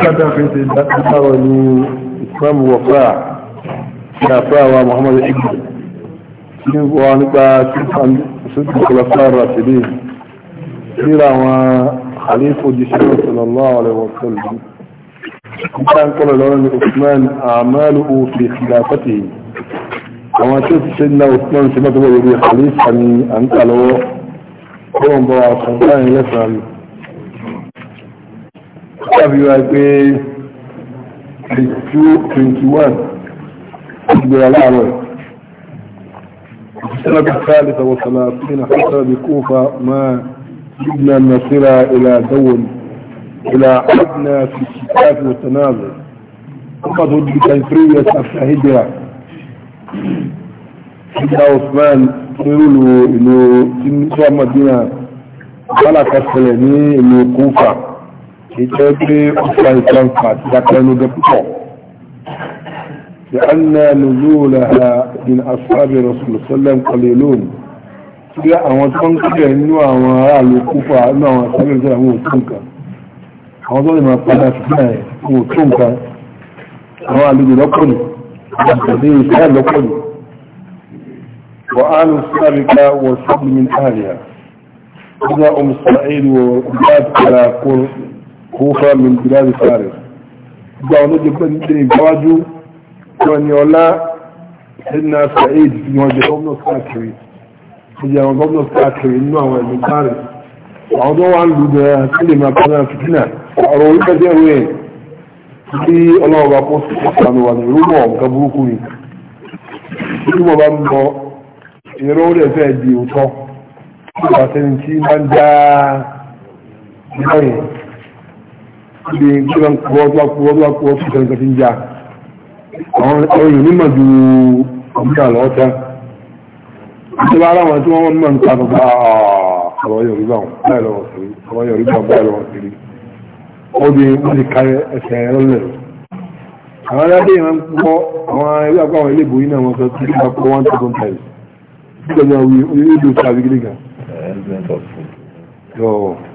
هذا في الأمر إسلام وفاء كافاء محمد إبن ونبقى سنة الخلفاء الراشدين سيرا وخليفة جسر صلى الله عليه وسلم كان قال لنا عثمان أعماله في خلافته àwọn tí ó ti ṣe ńlá òsínà ṣe mọ́tò wọ́n lórí àlè ìsàmì tàbí wá السنة الثالثة والثلاثين حصل بكوفة ما جبنا النصير إلى دون إلى عدنا في الشتات والتنازل فقد بتنفرية الشاهدة سيدنا عثمان يقولوا إنه سنة مدينة ملك السلمي إنه كوفة ìjọ pé ó fa ìtànfà púpọ̀ لأن نزولها من أصحاب رسول الله صلى الله عليه وسلم قليلون tí àwọn tó ń kílẹ̀ nínú àwọn aráàlú kúfà nínú àwọn àtàlẹ̀ ìjọ àwọn òtún nǹkan àwọn tó lè máa padà fún ẹ̀ fún òtún nǹkan àwọn àlejò lọ́pọ̀lù àtàlẹ̀ ìṣẹ́ lọ́pọ̀lù وآل السابقة وسبل من أهلها إذا أم سعيد وبعد على kófà min bilal faris gba ọ̀nà jẹ pé nítorí ìgbáwájú wọn ni ọlá ẹ̀nà saheed fi wọn jẹ gómìnà káàkiri ó jẹ àwọn gómìnà káàkiri nínú àwọn ẹ̀mí paris àwọn tó wà ń lu bẹ̀rẹ̀ àti lè máa kọ́nà fìtínà ọ̀rọ̀ orí pẹ̀lú ẹ̀rọ ẹ̀ bí ọlọ́wọ́ bá pọ̀ sí ìpanu wà ní rúbọ̀ nǹkan burúkú ni bí wọ́n bá ń bọ ìrọ̀ rẹ̀ fẹ́ di òótọ́ nígbà tẹ́ni tí máa ń dá ìrọ̀ yẹn ibi gbígbà kúrọ́gbà kúrọ́gbà kúrọ́ fún ìṣẹ́lẹ̀ tí ń já àwọn èèyàn nímọ̀ ju ọmọdé lọ́ta tí bá ráwọn tí wọ́n mọ̀ nípa bàbá àwọn yorùbá báyìí lọ́wọ́ sí àwọn yorùbá báyìí lọ́wọ́ sí ó di wọ́n ti kárẹ ẹsẹ̀ lọ́lẹ̀ àwọn aládé yẹn ń kọ́ àwọn ilé àgbà àwọn ilé ìbòyí náà wọ́n sọ tí wọ́n kọ́ one thousand times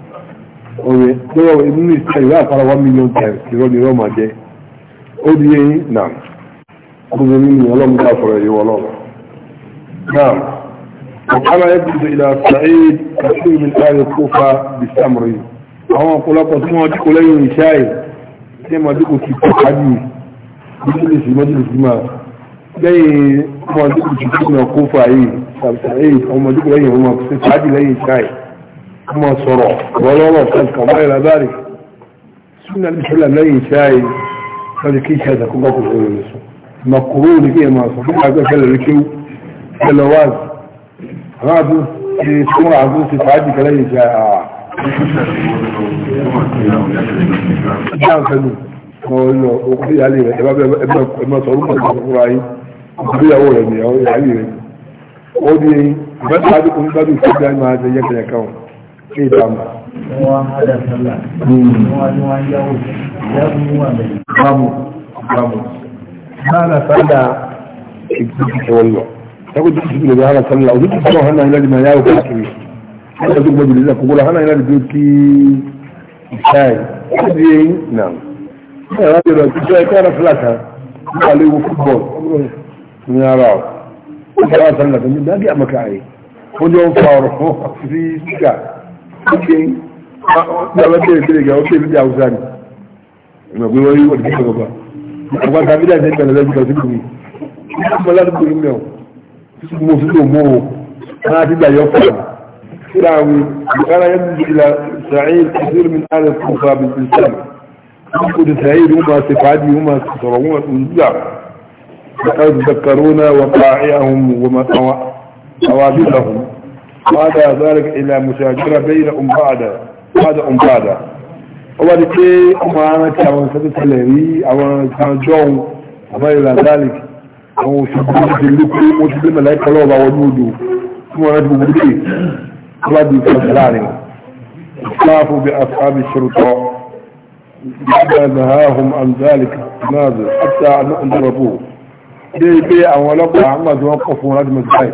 oye lọ́wọ́ inú ìṣẹ́ ìwé àkàrà one million times ìrọ́ ni ìrọ́ máa jẹ́ ó di eyín náà gbogbo nínú ọlọ́run bá sọ̀rọ̀ yìí wọ́n lọ́wọ́ náà ọ̀kánà ẹ̀bùdó ìlà sàáyé kàṣí mi láàrin kófà bìsàmùrì àwọn ọ̀pọ̀lọpọ̀ tí wọ́n dìkò lẹ́yìn ìṣẹ́ àì tí wọ́n dìkò sí kọ́kádì mọ́jìlìsì mọ́jìlìsì máa lẹ́yìn ọmọdékò sí kófà yìí sàáyé ọmọdékò lẹ́yìn ọmọ ọmọ sọ̀rọ̀ ọ̀rọ̀lọ́wọ́ kẹta ọmọ ìlà bá rí súnà ní ṣúlà lẹ́yìn ṣáàyè lọ́dí kí ṣe àtàkùnkọ́ kò sọ̀rọ̀ lẹ́sọ makuru ní kí ẹ máa sọ fún àgbẹ̀ fẹ́lẹ̀ rí kíw fẹ́lẹ̀ wá àwọn àbú ti súnmọ́ àbú ti fàájì kẹlẹ́ yìí ṣe àà ìdáhùn fẹ́lú ọ̀lọ́ òkú ìyálé rẹ̀ ẹ̀bá sọ̀rọ̀ pẹ̀lú ọkùnrin ayé ìgbéyàwó rẹ̀ nìyàwó ìyálé rẹ̀ ó di ìbẹ́ta àdúgbò nígbàdùn ìfẹ́ bí a máa jẹ yẹ́kẹ̀yẹ̀ káwọn ṣe ìdàmù hana sallah ikirka wallo ta kudu su ne hana sallah wajen su kawo hana yana da mai yawo kuma kiri hana su kuma bilisa kukula hana yana da doki shayi kudu yayi na ya rabe da kudu ya kara flata kuma alaiwu football sun yara wa kuma hana sallah ta yi daɗi a maka a yi wajen faru fi suka cikin ɗabar da ya fi daga wata yafi da hausa ne na gwiwoyi wadda suka gaba amma ta bida sai tana zai kasu kuri kuma za su kuri mai su kuma su domo ana fi da yau kuma كلامي كان ينزل إلى سعيد كثير من آل الكوفة بالإنسان يقول سعيد هما سفادي هما سفرهما سنزع فقد ذكرونا وقائعهم وما توابيلهم بعد ذلك إلى مشاجرة بين أم بعد بعد أم بعد وبعد كي أم أنا كان سنة تلهي أو كان جون وما إلى ذلك أو شبه جلوكي موجود الملائكة لوضع ونودو ثم أنا تقولي رضي فسلاني اختلافوا بأصحاب الشرطة بعد نهاهم عن ذلك نازل حتى أن أنضربوه بي بي أولا أحمد وقفوا نجم الزايد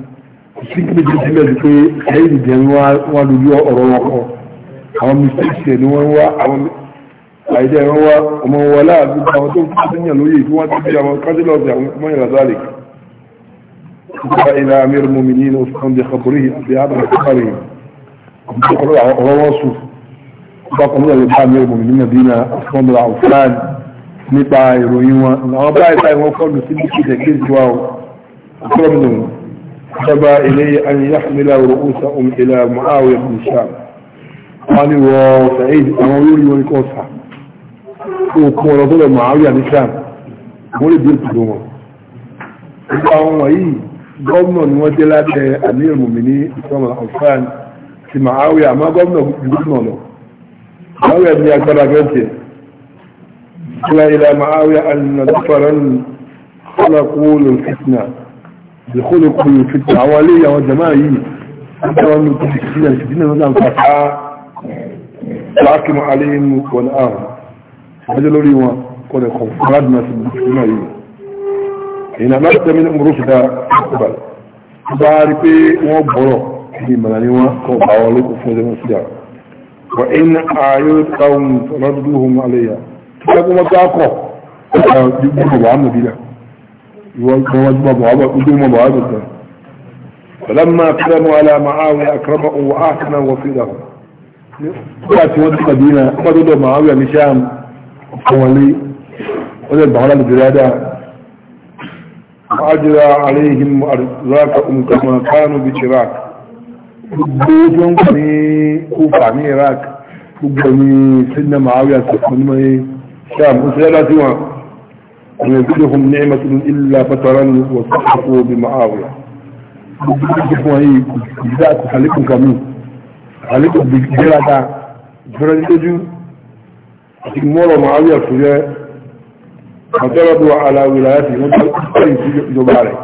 sí méjì sílẹ̀ sí pé ẹ̀yìn ìjẹ́ wọn lórí ọ̀rọ̀ wọn kọ àwọn mistakes ẹ̀ ni wọ́n wá àwọn àìdá ẹ̀rọ wá ọmọ wọn láàbí àwọn tó ń fún yàn lóye tí wọ́n ti fi àwọn kájílọ̀ ọ̀sẹ̀ àwọn ọmọ ìlà sáré nípa ilẹ̀ amir mumini ní oṣù kan bí kàbúrí àti àbúrò kàbúrí ọ̀rọ̀ wọn sùn nípa kan lóye bá فبا إليه أن يحمل رؤوسهم إلى معاوية بن شام قال وسعيد أمويري ونكوسها وكون رضول معاوية بن شام مولي دين تدوما إذا هو أي قومنا نواجلة أمير المؤمنين إسلام الأنفان في معاوية ما قومنا قومنا له معاوية بن أكبر أكبر قال إلى معاوية أن دفرا خلقوا للفتنة بخلقه في الحوالية والجماعية حتى وأنه تشكينا يعني لشدينا نظام فتحة الحاكم عليهم والآن فجلوا لي وقال يقول فراد ما سبنا لي هنا مات من أمرك دا أقبل باربي وبرو في ملاني وقال حواليك في المسجد وإن أعيد قوم ردوهم عليها تقوم تاكو يقولوا عمو بلا وجمع فلما أقدموا على معاوية أكرمه وأحسن وفيده قلت ودي قدينا قدوا معاوية مشام حوالي وذي البحرة الجرادة وأجرى عليهم ام كما كانوا بشراك بوجون كني كوفا ميراك كوفا مي سنة معاوية سنة شام أسرى لا أن يزيدهم نعمة إلا فترني وصحفوا بمعاوية gbogbo ayé ìdá àlékún kan mi àlékún gbéraga ìfẹ́rẹ́ nítojú àti mọ́rọ̀ màálù ẹ̀fúrẹ́ àtẹ́rọ̀dù aláwìlà láti wọ́n tó kọ́rin sí ìjọba rẹ̀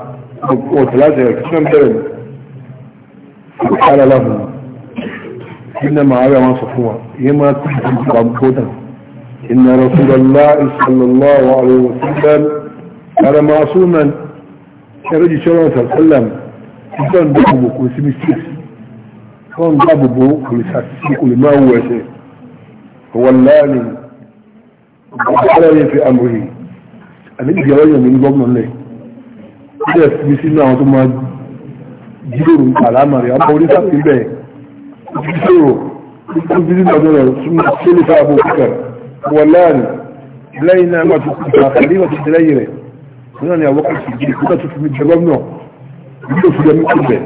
ọ̀tẹ̀ láti rẹ̀ kíkọ́ bẹ̀rẹ̀ ní àkàrà láhùn nínú màálù àwọn sọ fún wa ìyẹn máa tó ìjọba gbọ́dọ̀ إن رسول الله صلى الله عليه وسلم كان معصوما كرجل صلى الله عليه وسلم كان بابو كل سمسيس كان بابو كل سمسيس كل ما هو شيء هو اللاني وعلني في أمره أنه جوانا من ضمن الله إذا سمسينا وثم جيرو على أمره أما هو لسا في البيت جيرو كل سمسينا وثم سمسينا أبو بكر wọ̀láàrí lẹ́yìn náà wọ́n ti kú àkàrí wọ́n ti tẹ́lẹ́yìn rẹ̀ nínú ni àwọn kò sì jí kúkà tó fi jẹ gómìnà ní òfin jẹ mítí bẹ̀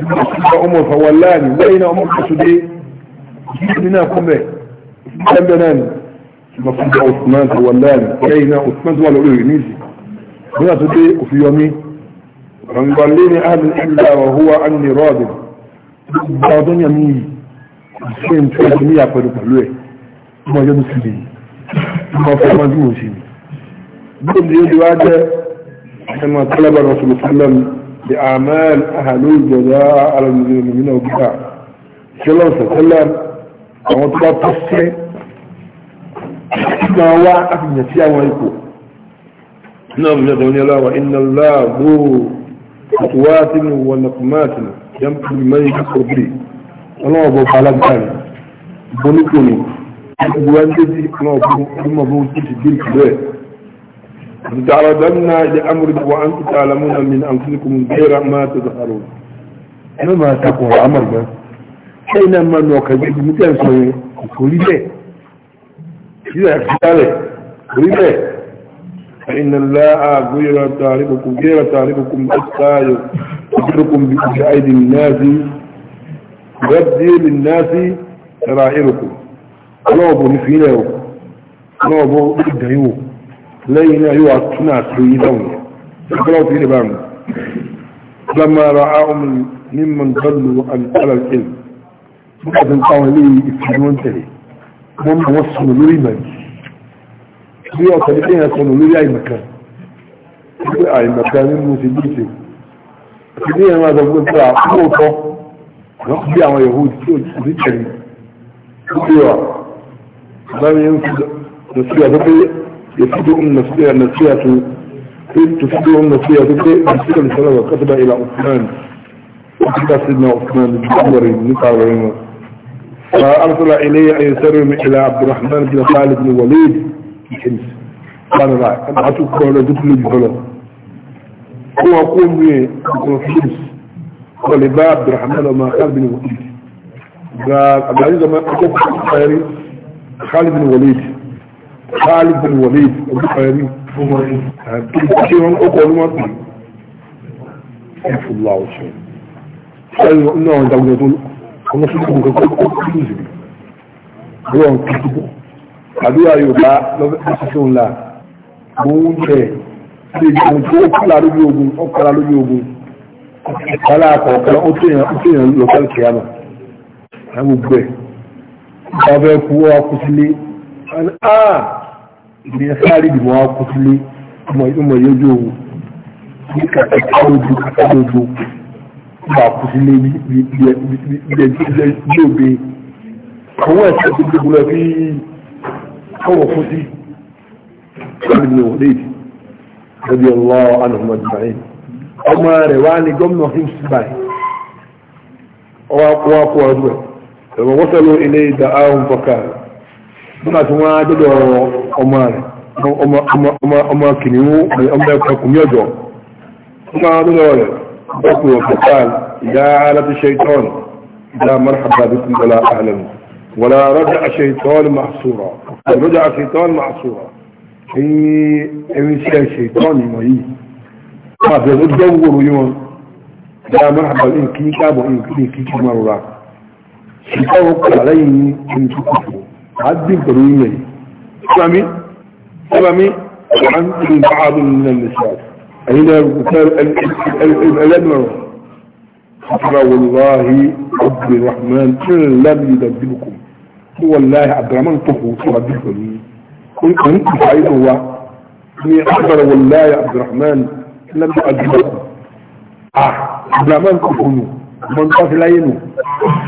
nígbà ọmọ ọ̀fà wọ̀láàrí lẹ́yìn náà ọmọ kò sì dé jíjìn náà kú bẹ̀ ẹgbẹ́ náà ni wọ́n fi jẹ Osman ti wọ̀láàrí lẹ́yìn náà Osman ti wà lórí rẹ̀ níìsì nígbà tó dé òfin yọmí ọ̀ngbọ̀nlẹ́ni àmì ìlà ọ̀húwa ọmọ ọjọ́ mùsùlùmí ọmọ ọkọ̀ ọmọ ọdún mùsùlùmí bóòmù yóò di wá jẹ́ ẹmọ tálábà rọ̀sùlù sálẹ̀m di àmẹ́l àhàlú ìjọba alàmùsùlùmí nínú ọgbà ṣẹlẹ̀ sẹ̀sẹ̀lẹ̀m àwọn tó bá tó fẹ́ máa wá àfihàn sí àwọn ipò náà bí wọ́n ní aláwọ̀ iná láàbò àtúwátìmù wọn nàkùmátìmù yẹn pùlùmọ́ ìgbà kọ̀ọ̀bì ọlọ́wọ́ bọ̀ fún alágbára bọ́nípò ni تعرضنا لأمر وأنتم تعلمون من أنفسكم غير ما تظهرون أنا ما أمر ده ما مثل سوي إذا فإن الله غير تعرفكم غير تعرفكم أستاذ تخبركم بأيدي الناس يبدي للناس سرائركم ọlọ́ọ̀bù ní fílẹ̀ o ọlọ́ọ̀bù ìdẹ̀ yìí o lẹ́yìn náà yóò tún àti yìí lọ́wọ́ ìgbọ́lọ́ fi lè bá mi lọ́mọ ara àwọn mímọ dọ́lù alàkẹ́ nígbà tó ń táwọn ilé ìfìdí wọn tẹ̀lé wọ́n mọ̀ wọ́n sọnù lórí ìmọ̀ yìí bí ọ̀tọ̀ ní kéèyàn sọnù lórí àìmọ̀kan pé àìmọ̀kan nínú ti bí ìṣe àti ní ẹ̀rọ àgbẹ̀gbẹ̀ pé àkókò tọ́ bí àwọn yòówù tí ò ti tẹ̀lé ó bí wà لم ينفذ يفيد أم نصيحة يفيدهم نصيحة نصيحة تفيدهم نصيحة نصيحة لسلام وكتب إلى عثمان وكتب سيدنا عثمان الجمهوري نقال فأرسل إلي أن يسرم إلى عبد الرحمن بن خالد بن وليد الحمس قال لا أنا أتوقع أن أدخل الجهلة هو أقول لي أقول الحمس قال لي عبد الرحمن بن خالد بن وليد قال عبد العزيز ما أتوقع Khalid bin Walid Khalid bin Walid olùkọ́yẹ̀mí kí wọ́n kọ́kọ́ ọdún wọn pè é fúlọ́ ọ̀sẹ̀ sẹ́yìn náà ìdàgbẹ́ tó ọmọ sókè nǹkan kọ́ kọ́ kọ́ lùzì bí wọ́n kì í bọ̀ àdúrà Yorùbá lọ́fẹ́ ṣiṣẹ́ ńlá òun jẹ́ ilé ìgbìmọ̀ tí ó kọ́lá lójú ogun ọkọ̀lá lójú ogun kọ́lá àkọ́kọ́ ó tẹ̀yàn lọ́kọ́ kìíyàmọ̀ àwọn gbogbo ẹ̀ ọbẹ̀ kú wa kú sílé ah ìgbìyàn sáré ìdìbò wa kú sílé ọmọ yóò wù ní kàkàkà ojú kàkà ojú wà kú sílé bí òbe àwọn ẹ̀sẹ̀ tó gbogbo lọ bí ọwọ́ kú sí ọdún ní òwúrẹ́ ìdí lórí ọlọ́ ànàmọ́ jùmọ̀ ọmọ rẹ̀ wá ní gómìnà fún ṣùgbọ́n ọwọ́ akọ́wọ́ لما وصلوا إليه دعاهم فكان بنا سمع جدو أمان أما أما أما أما كنيو أما يكاكم يدو سمع جدو فقلوا فقال يا عالة الشيطان لا مرحبا بكم ولا أهلا ولا رجع الشيطان محصورا رجع الشيطان محصورا في أي الشيطان مهي ما في غد دوروا يوم لا مرحبا إن كي كابوا وإن كي كي مرورا ìfọwọ́kọ̀ lẹ́yìn ìtùkùtù àdín pẹ̀lú ilẹ̀ ìsìlámi ìsìlámi àdín báàdù nílẹ̀ nìṣà ẹ̀yìn ẹlẹ́mọ̀rọ̀ ṣàkàrà wàláhí abdulrahman tí ó lábí ìdàbíkù tí wàláhí abdulrahman tó kù tó àdín pẹ̀lú ní kan kù sáyé wa ní àkàrà wàláhí abdulrahman lábí àdín pẹ̀lú ah abdulrahman kò kù nù mọ̀ nípa fi láyé nù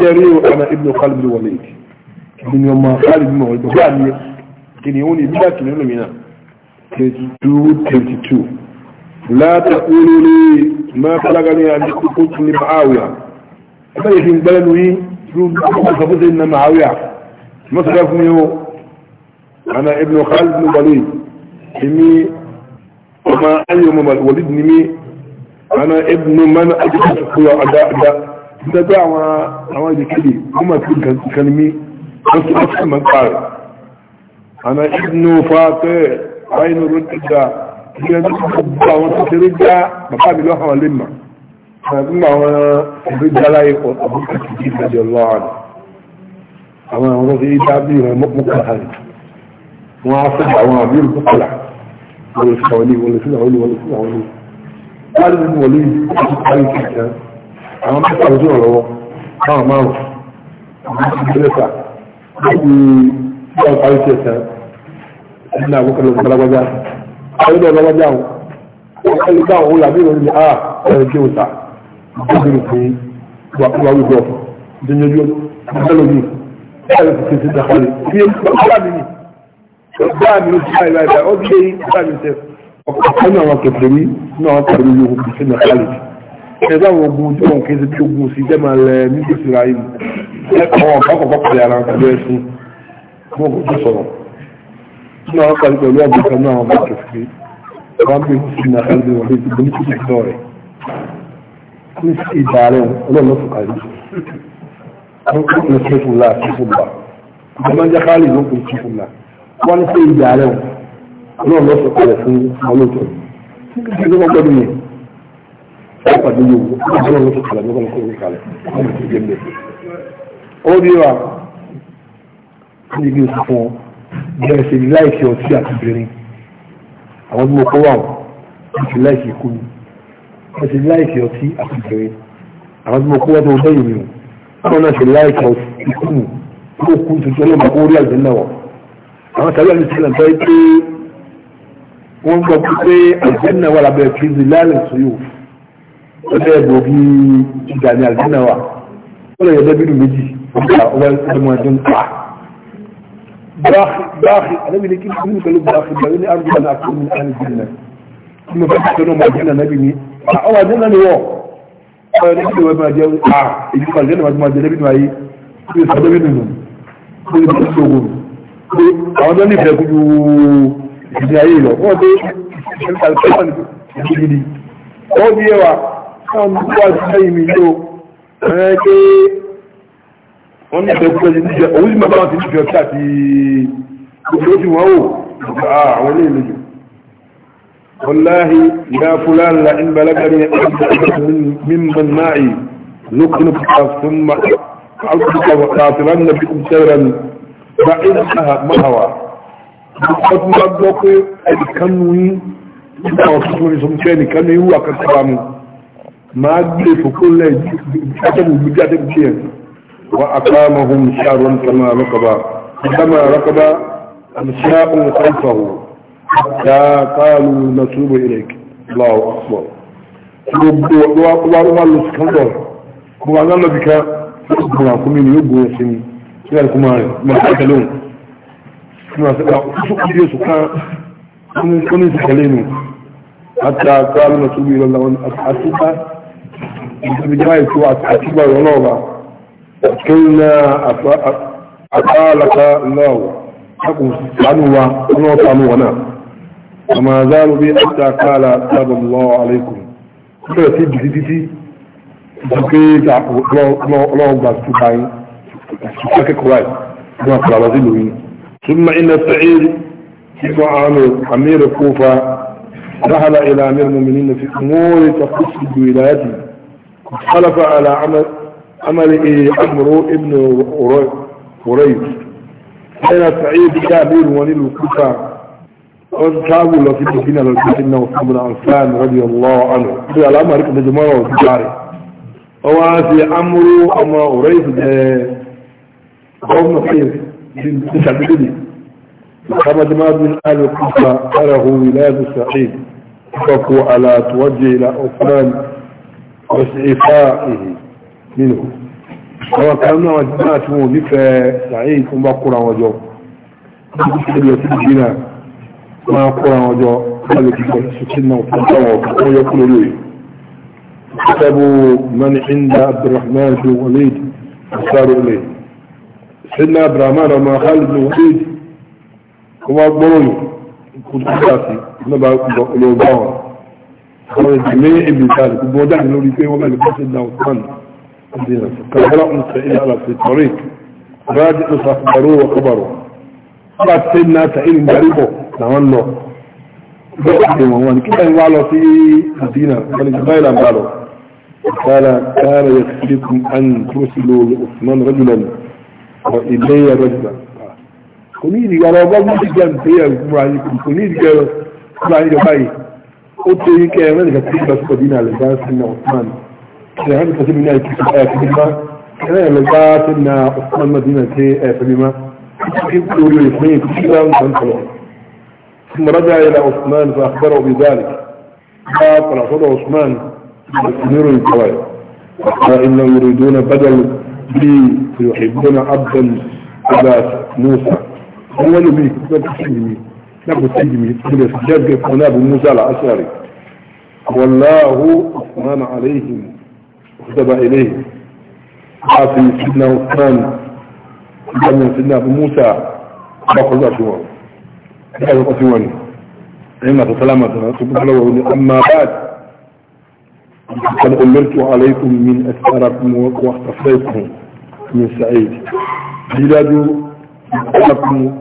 جرير أنا ابن خالد الوليد من يوم خالد بن الوليد وقال كنيوني بلا كنيوني منا 22 لا تقولوا لي ما بلغني أن قلت لمعاوية أما يجب بلنوا لي فبوز إن معاوية مصرف منه أنا ابن خالد بن الوليد إمي وما أي يوم الوليد نمي أنا ابن من أجلس في أداء gbogbo àwọn àwọn ìdíkèdè wọ́n máa fi nǹkan ní wọ́n tún wọ́n tún máa pààrọ̀ àmà ìdínú fàáfẹ́ àìnú rọ́tìdà ní ẹni tó gbogbo àwọn tó kéré já bàbá mi lọ́hàn lè mà àgbà àwọn ọ̀rẹ́ já láyé pọ̀ tàbí kàkì jí ìdájọ́ ọlọ́run àwọn àwọn ọ̀rẹ́ ìdá bí ìrìn mọ́kànlá rẹ̀ wọ́n á fẹ́ àwọn àbí ìrùkọ́kọ̀lá wọ́n lè fi àwọn ilé wọ́n lè fi àwọn ilé wọ́n lè fi àwọn ilé àwọn mẹ́ta ojú ọ̀rọ̀wọ́ márùn márùn àwọn ìgbélẹ́ta lórí bí wọ́n parí tiẹ̀ tán ẹ̀dínlẹ̀ àbúkọ̀ lọ́wọ́ lágbájá àwọn ilé ọlọ́gbájá wọn wọ́n lè ah, bá àwọn olùlàbí ìròyìn ní àà ẹ̀rọ kí òòtà ìgbésẹ̀ fún wa wíwọ́ ìdíyẹjú ìdíyẹlómi ẹ̀rọ kìí ti dàpọ̀lẹ̀ bí i bá mi ní bá mi ní ti báyìí báyìí ó bí i bá mi tẹ ọ̀pọ̀ ẹgbẹ́ àwọn ogun ojú wọn kí n ṣe bí ogun sí jẹ́ máa lẹ ní gbèsè ráyé mi ẹ̀kọ́ ọ̀pọ̀ pàpàdé ara pẹ̀lú ẹ̀sìn fún ọkọ̀ tó sọ̀rọ̀ tí wọ́n parí pẹ̀lú ọ̀gbìn kan náà ọba kẹfì wọ́n bí sí ní àkàlẹ́ wọn létí bó ní kí kìtọ́ rẹ̀ ní sí ìdá rẹ̀ ọlọ́ọ̀lọ́ fòkàlì wọ́n kọ́ ní fúnla sí fúnla ìjọba jẹ́ ọ̀pọ̀ ní yòówù ọ̀pọ̀ ní kalẹ̀ ní ọ̀pọ̀ ní kalẹ̀ ọ̀pọ̀ ní kalẹ̀ ó ní wa ní o oṣù fún bẹ́ẹ̀ ṣe láìsí ọtí àti obìnrin àwọn tí mo kọ́ wà wọ́n ti láìsí ikú mi wọ́n ti láìsí ọtí àti obìnrin àwọn tí mo kọ́ wọ́n tó bẹ́ẹ̀ mi o wọ́n náà ṣe láìsí ikú mi kó kú tuntun lọ́mọ kó rí àgbẹ̀ náà wọ̀ àwọn tàbí àti sílẹ̀ bẹ́ẹ̀ pé wọ́n gbọ́ pé àgbẹ̀ náà wà lábẹ́ kí n lè láìsí yòówù ọdẹ ẹgbògi ìgbà ní àdínà wa ó lè yọjọ bínú méjì ọgbà ọwọ́ ọmọ ẹdún pa báàkì alẹ́bí ní kí n bínú pẹ̀lú báàkì bẹ̀rẹ̀ ní àrùn ìgbà àti omi àrùn ìgbà náà kí mo fẹ́ kí ọdún ọmọ ẹdún náà bí mi ọwọ́ ẹdún náà ni wọ́ ọwọ́ ẹdún náà wọ́n máa jẹ́ à èyí kan jẹ́ náà máa jẹ́ lẹ́bí nù ayé kí o sọ lẹ́bí nù nù kí o sọ lẹ́bí nù àwọn tó nífẹ̀ẹ́ kú ju ìdí ayé lọ wọ́n tó ìṣẹ́lẹ̀ wọ́n ní wọ́n ti sẹ́yìn mi ló ẹ̀ pé wọ́n ní ìfẹ́ pẹ́lú níjẹ́ òun sì máa bá wọn ti nífẹ̀ẹ́ ọ̀tí àti gbogbo oṣù wọn ò àwọn ilé ìlú والله يا فلان لئن بلغني ممن معي نقنق ثم أصدق وقاتلن بكم سيرا بعيدها مهوى قد ما أدوك أي كنوي أو تسوني سمتيني كنوي وكترامي ما في كل وأقامهم شعر كما ركبا كما ركبا أمشاء خلفه حتى قالوا نتوب إليك الله أكبر وقالوا الله سكندر وقال الله بك الله كمين يبقوا يسمي سيال كمان ما سكالون سكندر كمين سكالينو حتى قالوا نتوب إلى الله أكبر بالجماعة أتبع الله كلنا أطالك الله حكم عنه ونوت عنه وما زالوا بي حتى قال تاب الله عليكم كل سيد جديدتي سكيت الله بس تبعين سكيت كويس ما قال رجلوين ثم إن السعيد ابن عامر أمير الكوفة رحل إلى أمير المؤمنين في أمور تخص بولايته خلف على عمل عمل إيه؟ عمرو ابن قريب حين سعيد كامير ونيل الكفار وانتابوا لكن فينا لكن وصحب الأنسان رضي الله عنه في الأمر كده جمارة وكاري وواسي عمرو أما قريب آه، قوم خير من تشعبيني وكما جماعة من آل الكفا أره ولاد سعيد وقفوا على توجه إلى أثمان وسعفائه منه àwọn kan náà náà tí wọ́n nífẹ̀ẹ́ ṣàyí tó bá kóra wọn jọ ìlú sí ìgbìnà máa kóra wọn jọ láti kíkọ ṣùkí náà fún àwọn ọ̀pọ̀ yọ kúrò lórí kitabu man inda abdulrahman bin walid asaru ilé sinna abdulrahman ọmọ khalid bin walid wọ́n gbọ́rọ̀ yìí kúrò sí ìgbà sí ìgbà lọ́wọ́ àwọn ìdílé ìbìtàlì gbogbo dáà lórí pé wọ́n mẹ́lẹ̀ bọ́sẹ̀ náà ọ̀tán ìdílé kàrọ̀ ọ̀nà ilẹ̀ àlàfẹ́ tọ́rí rájì ìsàkùbàrò ọkọ̀bàrò bá tẹ́ náà ta ìlú gbàríbọ̀ làwọn lọ bọ́ọ̀dé wọn wọn kí wọ́n wá lọ sí àdínà wọn ni báyìí là ń bá lọ kọ́lá kára yẹ kí kún án kúrò sí ló osman rajulani ọ ilé yẹ rajula kò ní ìdígbà lọ bá mú ìdígbà ní قلت يمكن ملكة تحبس مدينة لباس ان عثمان كان كثير من الكتاب كان آية لباس ان عثمان مدينة فبما يقول الاثنين كلهم تنقلون ثم رجع الى عثمان فاخبره بذلك قال رسول عثمان يستمر الجوائز قال انهم يريدون بدل لي فيحبون عبدا عباس موسى هو اللي بيكتب أبو تجمي بن الحجاج يكون أبو موسى الأشعري والله أثنان عليهم وكتب إليهم حافي سيدنا عثمان من سيدنا أبو موسى أخذ أسوان أخذ أسوان إما تسلامة سبحانه أما بعد قد أمرت عليكم من أسفاركم واختفيتكم من سعيد بلاد أسفاركم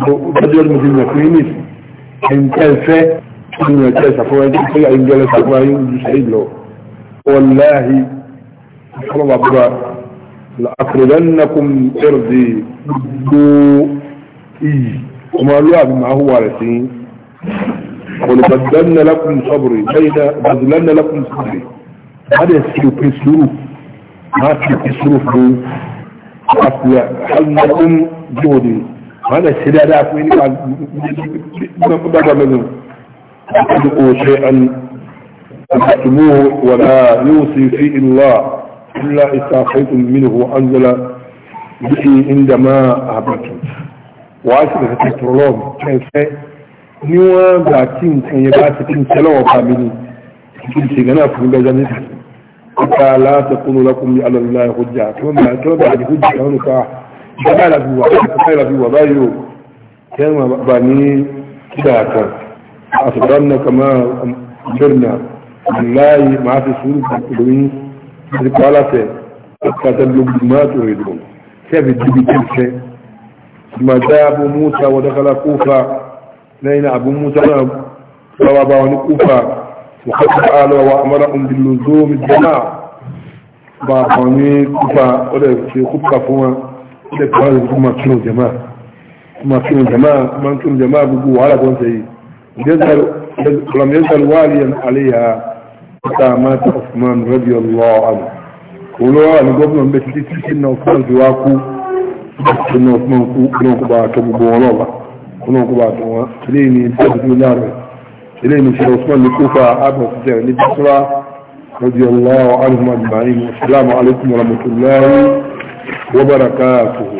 gbọ́dọ̀ ní ti mọ̀ pé ní ẹ̀ǹkẹ́ fẹ́ nínú ẹ̀kẹ́ ìṣàfihàn ẹ̀jẹ̀ pé ẹ̀ǹkẹ́ ìṣàfihàn yóò ju ṣe lọ wọláhi ọlọ́wà búra àkùrẹ́lẹ́nàkùn ẹ̀rọ̀dì gbogbo iyì ọmọ alúwàbí máa hùwà rẹ̀ sí ولبدلنا لكم صبري بين بدلنا لكم صبري هذا سلوك سلوك ما في سلوك أصلحنكم جهدي wọ́n lè ṣe dáadáa fún yín nípa dábàá mẹ́nu àti kò ṣe an àtúmú wàlá yóò sì fi ìlúwà ìlúwà ìsàfẹ́tùn mínú angela bíi indama àbàtù wàá sì lè fi tọrọ kẹfẹ́ níwọ̀n gbà tí nǹkan yẹn bá ti fi ń tẹ́lọ̀ ọ̀pá mi ni kí n ṣe gánà fún gbẹ́jọ́ nípa حتى لا تكون لكم على الله حجة ثم بعد حجة ونفاح ìgbàlára bí wà ìgbàlára bí wà báyìí o kẹwọn bá ní kíláàkà àṣùgbọ́n náà kama jọ́nà láàyè máa fi sùúrù kìlóyìn àti pàálàfẹ́ àtàtà lóbi máa tó rèé dùn kẹfì dìbì kẹfẹ́ màdá abu musa wàdákàlà kófà lẹ́yìn abu musa náà báwa bá wọn ní kófà وخطب آله وأمرهم باللزوم الجماعة بعضهم كفا ولا في خطبة فما ilẹ̀ kan rẹ̀ kó máa kírun jama kó máa kírun jama kó máa kírun jama gbogbo wàhálà kan ṣe yìí ọ̀làmì yẹn sàlù wà ní àléyà ọ̀tá máa ta Usman radiyallahu anhu kò lọ́wọ́ àmì gómìnà ń bẹ títí tí sí náà fún ọjọ́ wa kú ọjọ́ náà fún ọkú náà kó bá tọ gbogbo wọn lọ́wọ́ náà kó bá tọ wọn eléyìí ni tẹ́lẹ̀ tó láàrẹ̀ eléyìí ni sọ̀rọ̀ Usman ní kófà ábọ̀ sísẹ̀ ní bísọ́rà radiyallahu anhu àjùmáyìn assalamu alaikum warahmatullahi وبركاته